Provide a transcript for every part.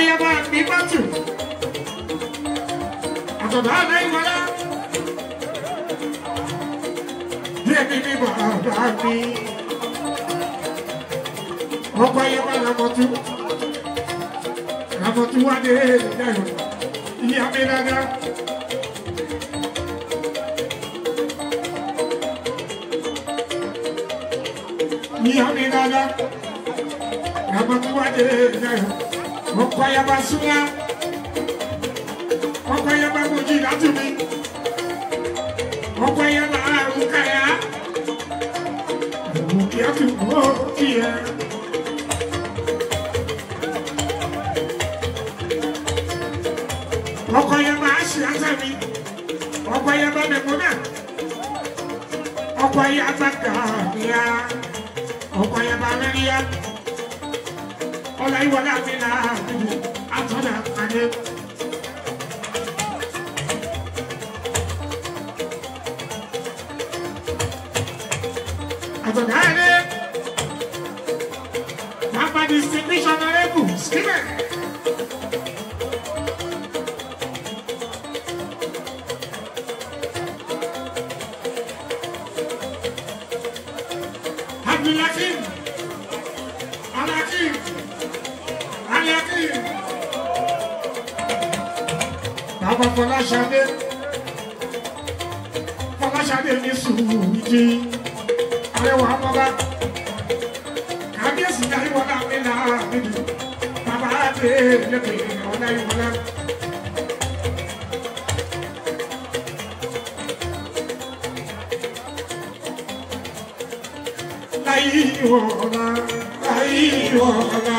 ayaba àbíbátù àtọ̀dọ̀ àbẹ́yìnwọlá díẹ̀ bíbí bàbá mi ọkọ ayaba làmọ̀tú làmọ̀tú wá dé ẹ̀ẹ́dẹ́gbẹ̀rún ìyá mi dáadáa. Ni amina la, ramatuwa de na. Mokwayaba Sula, Mokwayaba Moji Latumi, Mokwayaba Arukaya, Mokiaku Mokia. Mokwayaba Ashiatami, Mokwayaba Mekona, Mokwayaba Gahia, Mokwayaba Melia ọláyíwọlá mi là àbíjù àtọ́nà àdé. àtọ̀nà àdé wàá pa distinction honourable skimmer. Abdulhakeem. Fọláṣadé Fọláṣadé ní sùúrù jí arẹwà bàbá kábíyèsí dáríwọlá mi náà mi dùn bàbá àgbẹ̀ lẹ́kọ̀ọ́ ìrìnàwọ́ dáríwọlá. láyé ìwọ̀n ọ̀la láyé ìwọ̀n ọ̀la.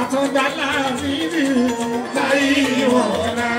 àtúndà láàbí bí mo káyé wọ̀ọ́lá.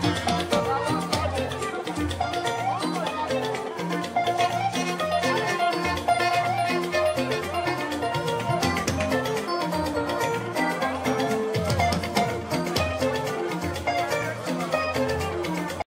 Thank you.